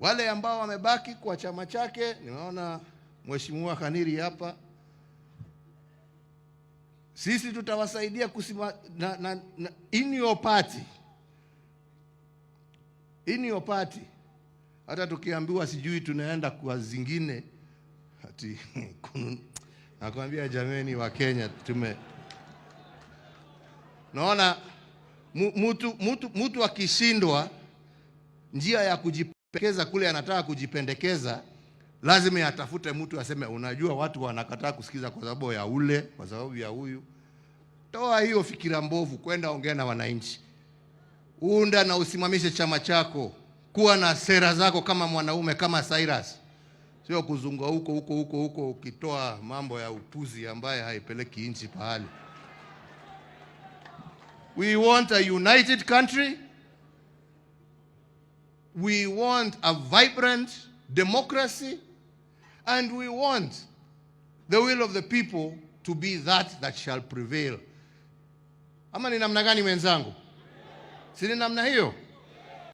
Wale ambao wamebaki kwa chama chake, nimeona Mheshimiwa Khaniri hapa, sisi tutawasaidia kusima na, na, na, in your party, in your party. Hata tukiambiwa sijui tunaenda kwa zingine ati nakwambia jameni, wa Kenya tume naona mtu mtu mtu akishindwa njia ya kujipa kujipendekeza kule anataka kujipendekeza, lazima atafute mtu aseme, unajua watu wanakataa kusikiza kwa sababu ya ule, kwa sababu ya huyu. Toa hiyo fikira mbovu, kwenda ongea na wananchi, unda na usimamishe chama chako, kuwa na sera zako kama mwanaume, kama Cyrus, sio kuzunga huko huko huko huko ukitoa mambo ya upuzi ambaye haipeleki nchi pahali. We want a united country. We want a vibrant democracy, and we want the will of the people to be that that shall prevail. Ama ni namna gani, mwenzangu? Si ni namna hiyo?